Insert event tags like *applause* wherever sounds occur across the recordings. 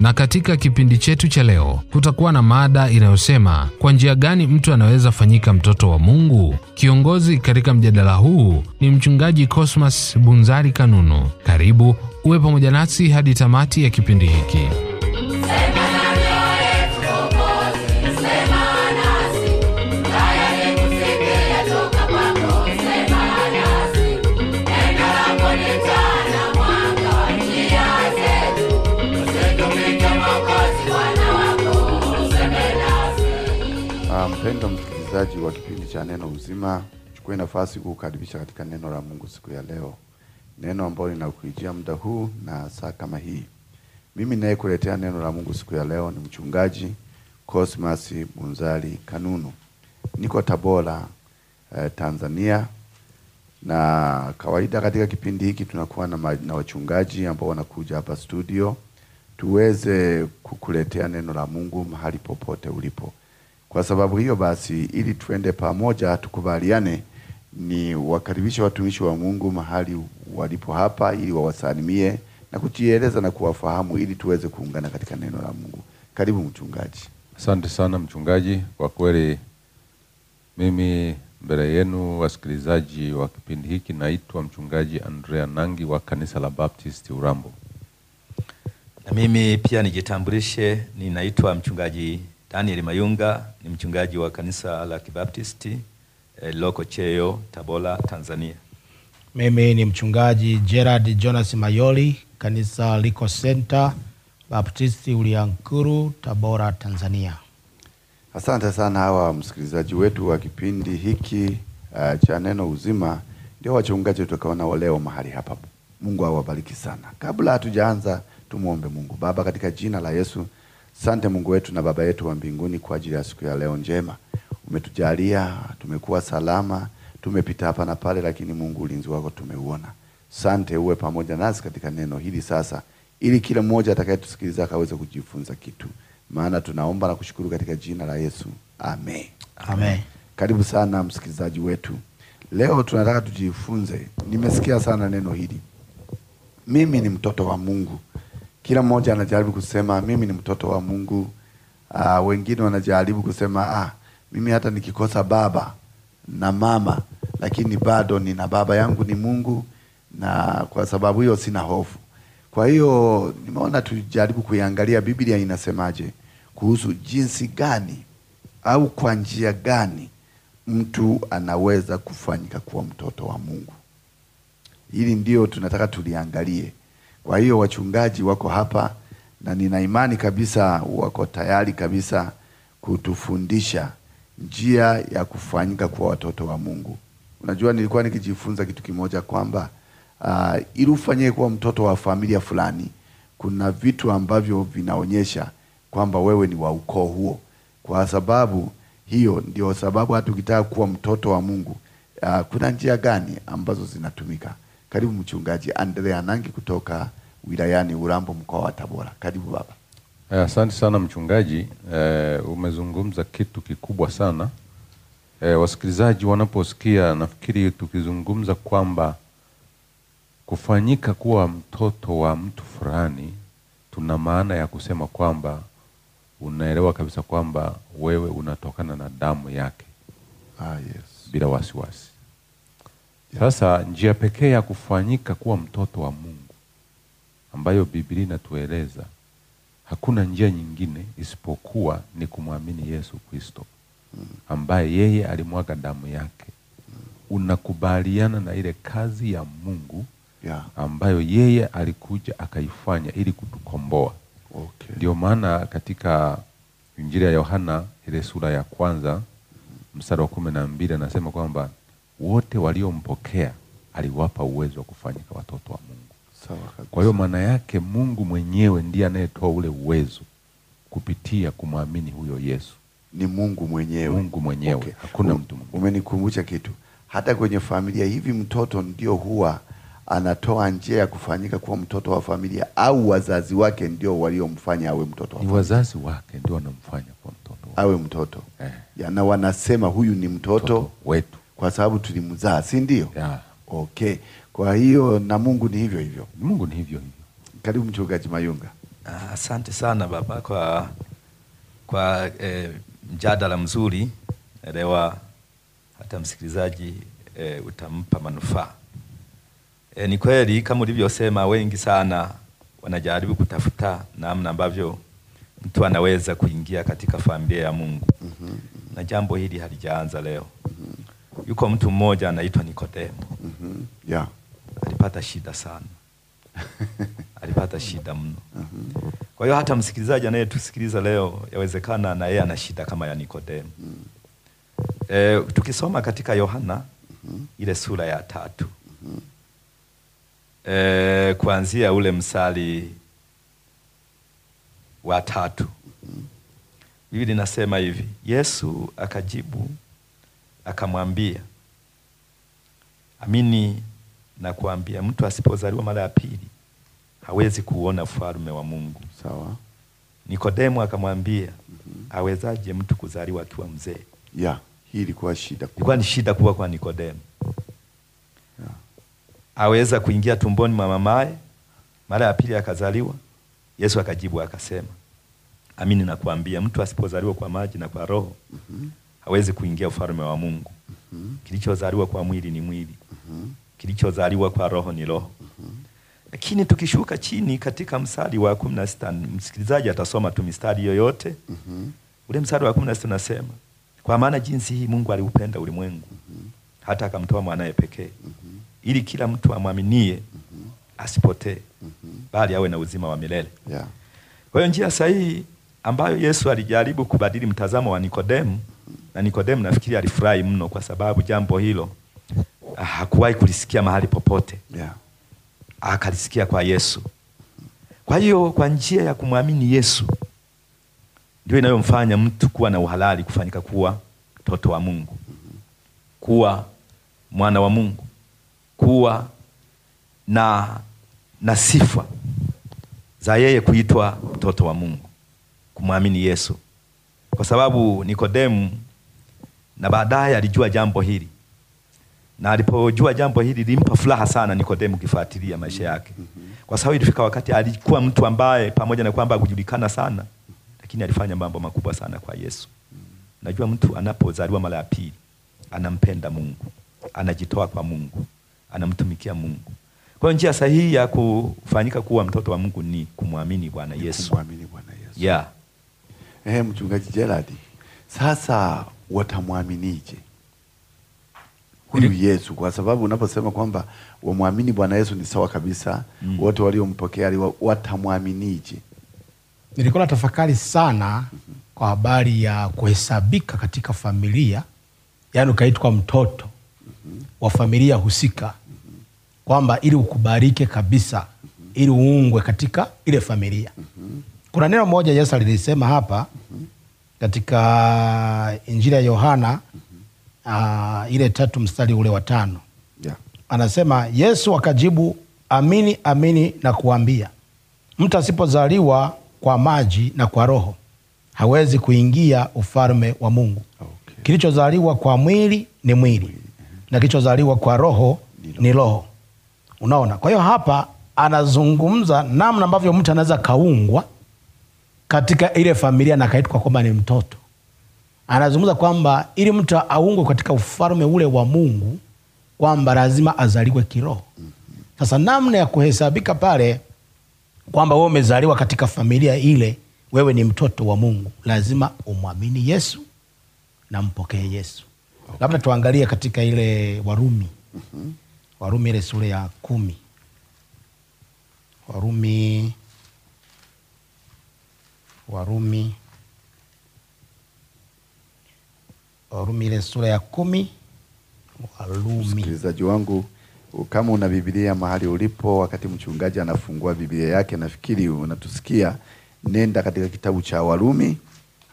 na katika kipindi chetu cha leo kutakuwa na mada inayosema kwa njia gani mtu anaweza fanyika mtoto wa Mungu. Kiongozi katika mjadala huu ni mchungaji Cosmas Bunzari Kanunu. Karibu uwe pamoja nasi hadi tamati ya kipindi hiki. Mpendwa msikilizaji wa kipindi cha Neno Uzima, chukue nafasi kukukaribisha katika neno la Mungu siku ya leo, neno ambalo linakujia muda huu na saa kama hii. Mimi nayekuletea neno la Mungu siku ya leo ni mchungaji Cosmas Bunzali Kanunu, niko Tabora, eh, Tanzania. Na kawaida katika kipindi hiki tunakuwa na, na wachungaji ambao wanakuja hapa studio tuweze kukuletea neno la Mungu mahali popote ulipo. Kwa sababu hiyo basi, ili tuende pamoja, tukubaliane, ni wakaribisha watumishi wa Mungu mahali walipo hapa, ili wawasalimie na kujieleza na kuwafahamu, ili tuweze kuungana katika neno la Mungu. Karibu mchungaji. Asante sana mchungaji, kwa kweli mimi mbele yenu wasikilizaji wa kipindi hiki, naitwa mchungaji Andrea Nangi wa kanisa la Baptist Urambo. Na mimi pia nijitambulishe, ninaitwa mchungaji Daniel Mayunga ni mchungaji wa kanisa la Kibaptisti eh, loko Cheyo, Tabora, Tanzania. Mimi ni mchungaji Gerard Jonas Mayoli, kanisa liko Center Baptisti Uliankuru, Tabora, Tanzania. Asante sana hawa msikilizaji wetu wa kipindi hiki uh, cha neno uzima, ndio wachungaji tutakaona leo mahali hapa. Mungu awabariki sana. Kabla hatujaanza, tumwombe Mungu. Baba, katika jina la Yesu Sante Mungu wetu na Baba yetu wa mbinguni kwa ajili ya siku ya leo njema umetujalia, tumekuwa salama, tumepita hapa na pale, lakini Mungu ulinzi wako tumeuona. Sante, uwe pamoja nasi katika neno hili sasa, ili kila mmoja atakayetusikiliza akaweze kujifunza kitu, maana tunaomba na kushukuru katika jina la Yesu, amen. Amen. Karibu sana msikilizaji wetu, leo tunataka tujifunze. Nimesikia sana neno hili, mimi ni mtoto wa Mungu kila mmoja anajaribu kusema mimi ni mtoto wa Mungu. Uh, wengine wanajaribu kusema ah, mimi hata nikikosa baba na mama, lakini bado nina baba yangu ni Mungu, na kwa sababu hiyo sina hofu. Kwa hiyo nimeona tujaribu kuiangalia Biblia inasemaje kuhusu jinsi gani au kwa njia gani mtu anaweza kufanyika kuwa mtoto wa Mungu. Hili ndio tunataka tuliangalie. Kwa hiyo wachungaji wako hapa na nina imani kabisa wako tayari kabisa kutufundisha njia ya kufanyika kuwa watoto wa Mungu. Unajua, nilikuwa nikijifunza kitu kimoja kwamba uh, ili ufanyike kuwa mtoto wa familia fulani, kuna vitu ambavyo vinaonyesha kwamba wewe ni wa ukoo huo. Kwa sababu hiyo ndio sababu hata ukitaka kuwa mtoto wa Mungu, uh, kuna njia gani ambazo zinatumika? Karibu mchungaji Andrea Nangi kutoka wilayani Urambo mkoa wa Tabora. Karibu baba. Eh, asante sana mchungaji. E, umezungumza kitu kikubwa sana. E, wasikilizaji wanaposikia, nafikiri tukizungumza kwamba kufanyika kuwa mtoto wa mtu fulani, tuna maana ya kusema kwamba unaelewa kabisa kwamba wewe unatokana na damu yake. Ah, yes. Bila wasiwasi wasi. Sasa njia pekee ya kufanyika kuwa mtoto wa Mungu ambayo Biblia inatueleza, hakuna njia nyingine isipokuwa ni kumwamini Yesu Kristo ambaye yeye alimwaga damu yake. Unakubaliana na ile kazi ya Mungu ambayo yeye alikuja akaifanya ili kutukomboa. Ndio Maana katika Injili ya Yohana ile sura ya kwanza mstari wa kumi na mbili anasema kwamba wote waliompokea aliwapa uwezo wa kufanyika watoto wa Mungu. Sawa. Kwa hiyo maana yake Mungu mwenyewe ndiye anayetoa ule uwezo kupitia kumwamini huyo Yesu. Ni Mungu mwenyewe. Mungu mwenyewe. Okay. Hakuna mtu mwingine. Umenikumbusha kitu. Hata kwenye familia hivi mtoto ndio huwa anatoa njia ya kufanyika kuwa mtoto wa familia au wazazi wake ndio waliomfanya awe mtoto wa familia? Ni wazazi wake ndio wanamfanya kuwa mtoto awe mtoto eh. Yana wanasema huyu ni mtoto, mtoto wetu kwa sababu tulimzaa, si ndio? Yeah. Okay. Kwa hiyo na Mungu ni hivyo hivyo. Mungu ni hivyo hivyo. Karibu Mchungaji Mayunga. Ah, asante ah, sana baba kwa, kwa eh, mjadala mzuri. Elewa hata msikilizaji eh, utampa manufaa eh, ni kweli kama ulivyosema, wengi sana wanajaribu kutafuta namna ambavyo mtu anaweza kuingia katika familia ya Mungu. mm -hmm. Na jambo hili halijaanza leo yuko mtu mmoja anaitwa Nikodemo. mm -hmm. yeah. alipata shida sana *laughs* alipata shida mno. mm -hmm. Kwa hiyo hata msikilizaji anayetusikiliza leo yawezekana na yeye ana shida kama ya Nikodemo. mm -hmm. E, tukisoma katika Yohana mm -hmm. ile sura ya tatu mm -hmm. E, kuanzia ule msali wa tatu mm -hmm. Biblia inasema hivi, Yesu akajibu akamwambia, amini nakwambia, mtu asipozaliwa mara ya pili hawezi kuona ufalme wa Mungu. Sawa. Nikodemo akamwambia, mm -hmm. awezaje mtu kuzaliwa akiwa mzee? Yeah, hii ilikuwa shida kubwa. Ilikuwa ni shida kubwa kwa Nikodemo. Yeah. Aweza kuingia tumboni mwa mamaye mara ya pili akazaliwa? Yesu akajibu akasema, amini nakwambia, mtu asipozaliwa kwa maji na kwa roho mm -hmm hawezi kuingia ufalme wa Mungu. Mm -hmm. Kilichozaliwa kwa mwili ni mwili. Mm -hmm. Kilichozaliwa kwa roho ni roho. Mm -hmm. Lakini tukishuka chini katika mstari wa 16, msikilizaji atasoma tu mistari yoyote. Mm -hmm. Ule mstari wa 16 unasema, kwa maana jinsi hii Mungu aliupenda ulimwengu mm -hmm. hata akamtoa mwanaye pekee mm -hmm. ili kila mtu amwaminie mm -hmm. asipotee mm -hmm. bali awe na uzima wa milele. Yeah. Kwa hiyo njia sahihi ambayo Yesu alijaribu kubadili mtazamo wa Nikodemu mm na Nikodemu nafikiri alifurahi mno, kwa sababu jambo hilo ah, hakuwahi kulisikia mahali popote yeah. Akalisikia kwa Yesu. Kwa hiyo kwa njia ya kumwamini Yesu ndio inayomfanya mtu kuwa na uhalali kufanyika kuwa mtoto wa Mungu, kuwa mwana wa Mungu, kuwa na, na sifa za yeye kuitwa mtoto wa Mungu, kumwamini Yesu kwa sababu Nikodemu na baadaye alijua jambo hili, na alipojua jambo hili limpa furaha sana Nikodemu kifuatilia maisha yake, mhm. kwa sababu ilifika wakati alikuwa mtu ambaye pamoja na kwamba hakujulikana sana, lakini alifanya mambo makubwa sana kwa Yesu. Mhm. Najua mtu anapozaliwa mara ya pili anampenda Mungu, anajitoa kwa Mungu, anamtumikia Mungu. Kwa hiyo njia sahihi ya kufanyika kuwa mtoto wa Mungu ni kumwamini Bwana Yesu, kumwamini Bwana Yesu, yeah. Eh, mchungaji Gerald, sasa watamwaminije huyu Yesu? Kwa sababu unaposema kwamba wamwamini Bwana Yesu ni sawa kabisa mm. wote waliompokea watamwaminije? Nilikuwa na tafakari sana mm -hmm. kwa habari ya kuhesabika katika familia, yaani ukaitwa mtoto mm -hmm. wa familia husika mm -hmm. kwamba ili ukubarike kabisa mm -hmm. ili uungwe katika ile familia mm -hmm kuna neno moja Yesu alilisema hapa katika Injili ya Yohana mhm. uh, ile tatu mstari ule wa tano yeah. Anasema Yesu akajibu, amini amini na kuambia mtu asipozaliwa kwa maji na kwa Roho hawezi kuingia ufalme wa Mungu. Okay. Kilichozaliwa kwa mwili ni mwili na kilichozaliwa kwa Roho ni roho. Unaona, kwa hiyo hapa anazungumza namna ambavyo mtu anaweza kaungwa katika ile familia na akaitwa kwamba ni mtoto. Anazungumza kwamba ili mtu aungwe katika ufalme ule wa Mungu kwamba lazima azaliwe kiroho. Sasa namna ya kuhesabika pale kwamba wewe umezaliwa katika familia ile, wewe ni mtoto wa Mungu, lazima umwamini Yesu na mpokee Yesu. Okay. Labda tuangalie katika ile Warumi. Mm -hmm. Warumi ile sura ya kumi. Warumi Warumi, Warumi ile sura ya kumi. Warumi. Msikilizaji wangu, kama una Biblia mahali ulipo, wakati mchungaji anafungua Biblia yake, nafikiri unatusikia, nenda katika kitabu cha Warumi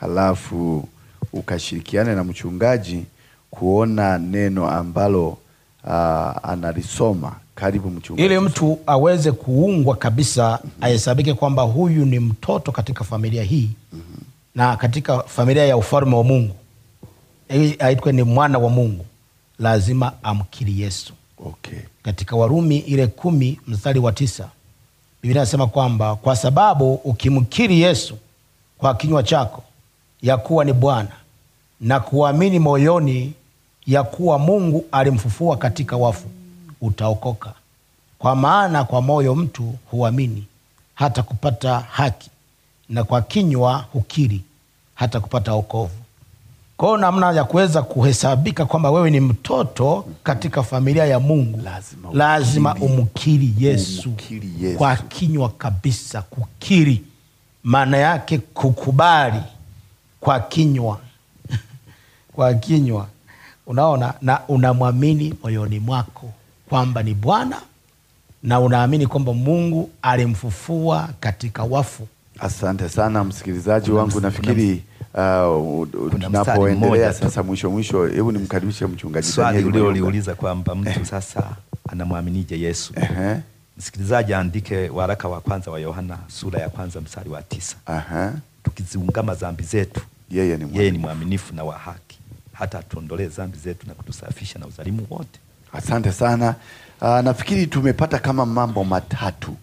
halafu ukashirikiane na mchungaji kuona neno ambalo uh, analisoma karibu mchungaji, ili mtu aweze kuungwa kabisa, mm -hmm. ahesabike kwamba huyu ni mtoto katika familia hii mm -hmm. na katika familia ya ufalme wa Mungu, ili aitwe ni mwana wa Mungu lazima amkiri Yesu. Okay. Katika Warumi ile kumi mstari wa tisa Biblia inasema kwamba kwa sababu ukimkiri Yesu kwa kinywa chako ya kuwa ni Bwana na kuamini moyoni ya kuwa Mungu alimfufua katika wafu, utaokoka. Kwa maana kwa moyo mtu huamini hata kupata haki, na kwa kinywa hukiri hata kupata wokovu. Kwao namna ya kuweza kuhesabika kwamba wewe ni mtoto katika familia ya Mungu, lazima, lazima umkiri Yesu, umkiri Yesu kwa kinywa kabisa. Kukiri maana yake kukubali kwa kinywa *laughs* kwa kinywa unaona, na unamwamini moyoni mwako kwamba ni Bwana na unaamini kwamba Mungu alimfufua katika wafu. Asante sana msikilizaji wangu nafikiri uh, tunapoendelea Uh, sasa mwisho mwisho, hebu nimkaribishe mchungaji. Swali uliouliza kwamba mtu eh. sasa anamwaminije Yesu? uh -huh. Msikilizaji aandike waraka wa kwanza wa Yohana sura ya kwanza mstari wa tisa. uh -huh. Tukiziungama dhambi zetu yeye ni mwaminifu na wa haki hata atuondolee dhambi zetu na kutusafisha na uzalimu wote. Asante sana. Aa, ah, nafikiri tumepata kama mambo matatu.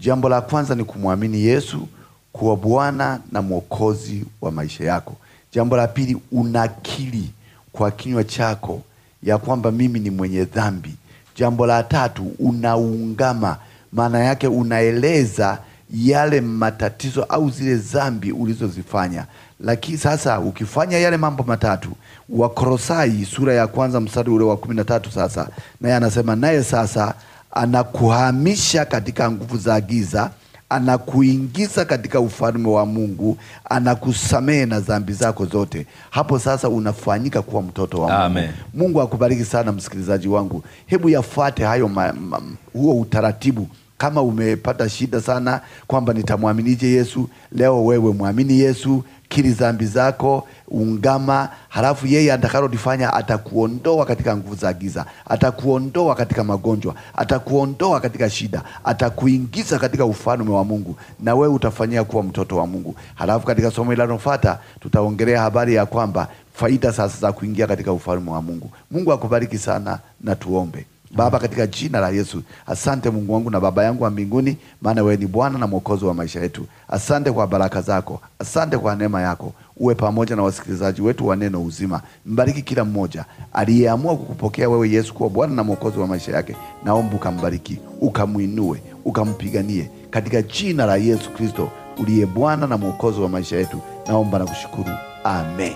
Jambo la kwanza ni kumwamini Yesu kuwa Bwana na Mwokozi wa maisha yako. Jambo la pili, unakiri kwa kinywa chako ya kwamba mimi ni mwenye dhambi. Jambo la tatu, unaungama, maana yake unaeleza yale matatizo au zile zambi ulizozifanya. Lakini sasa ukifanya yale mambo matatu, wakorosai sura ya kwanza mstari ule wa kumi na tatu sasa naye anasema, naye sasa anakuhamisha katika nguvu za giza anakuingiza katika ufalme wa Mungu, anakusamehe na dhambi zako zote. Hapo sasa unafanyika kuwa mtoto wa Mungu. Amen. Mungu akubariki sana msikilizaji wangu, hebu yafuate hayo ma, ma, huo utaratibu kama umepata shida sana kwamba nitamwaminije Yesu, leo wewe mwamini Yesu, kiri dhambi zako, ungama, halafu yeye atakalolifanya atakuondoa katika nguvu za giza, atakuondoa katika magonjwa, atakuondoa katika shida, atakuingiza katika ufalme wa Mungu na wewe utafanyia kuwa mtoto wa Mungu. Halafu katika somo linalofuata tutaongelea habari ya kwamba faida sasa za kuingia katika ufalme wa Mungu. Mungu akubariki sana na tuombe. Baba, katika jina la Yesu, asante Mungu wangu na Baba yangu wa mbinguni, maana wewe ni Bwana na Mwokozi wa maisha yetu. Asante kwa baraka zako, asante kwa neema yako. Uwe pamoja na wasikilizaji wetu wa Neno Uzima. Mbariki kila mmoja aliyeamua kukupokea wewe Yesu kuwa Bwana na Mwokozi wa maisha yake. Naomba ukambariki, ukamwinue, ukampiganie katika jina la Yesu Kristo uliye Bwana na Mwokozi wa maisha yetu. Naomba na kushukuru, amen.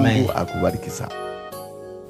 Mungu akubariki sana.